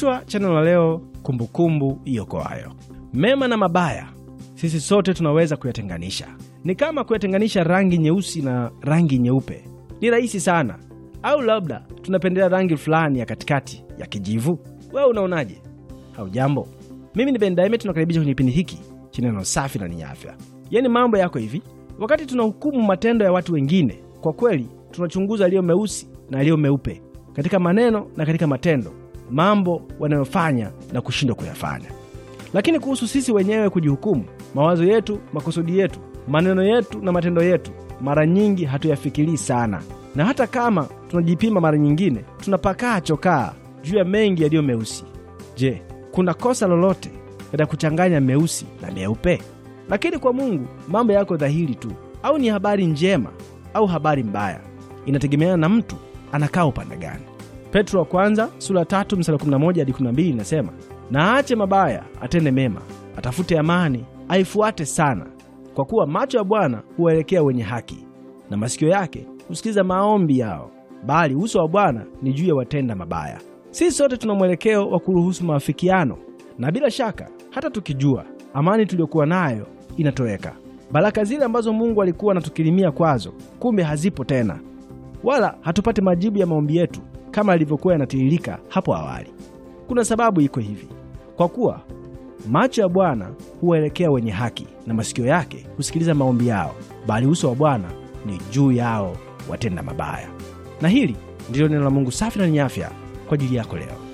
Kichwa cha neno la leo, kumbukumbu iokoayo. Mema na mabaya sisi sote tunaweza kuyatenganisha. Ni kama kuyatenganisha rangi nyeusi na rangi nyeupe, ni rahisi sana. Au labda tunapendelea rangi fulani ya katikati ya kijivu. Wewe unaonaje? Haujambo, mimi ni Ben tunakaribisha kwenye kipindi hiki cha neno safi na nenye afya. yani mambo yako hivi, wakati tunahukumu matendo ya watu wengine, kwa kweli tunachunguza aliyo meusi na aliyo meupe katika maneno na katika matendo mambo wanayofanya na kushindwa kuyafanya. Lakini kuhusu sisi wenyewe kujihukumu, mawazo yetu, makusudi yetu, maneno yetu na matendo yetu, mara nyingi hatuyafikirii sana, na hata kama tunajipima, mara nyingine tunapakaa chokaa juu ya mengi yaliyo meusi. Je, kuna kosa lolote katika kuchanganya meusi na meupe? Lakini kwa Mungu mambo yako dhahiri tu, au ni habari njema au habari mbaya, inategemeana na mtu anakaa upande gani. Petro wa kwanza sura tatu mstari 11 hadi 12 inasema, na aache mabaya, atende mema, atafute amani, aifuate sana, kwa kuwa macho ya Bwana huwaelekea wenye haki na masikio yake husikiliza maombi yao, bali uso wa Bwana ni juu ya watenda mabaya. Sisi sote tuna mwelekeo wa kuruhusu maafikiano, na bila shaka hata tukijua amani tuliyokuwa nayo inatoweka, baraka zile ambazo Mungu alikuwa anatukirimia kwazo kumbe hazipo tena, wala hatupate majibu ya maombi yetu kama alivyokuwa yanatiririka hapo awali. Kuna sababu iko hivi, kwa kuwa macho ya Bwana huwaelekea wenye haki na masikio yake husikiliza maombi yao, bali uso wa Bwana ni juu yao watenda mabaya. Na hili ndilo neno la Mungu safi na lenye afya kwa ajili yako leo.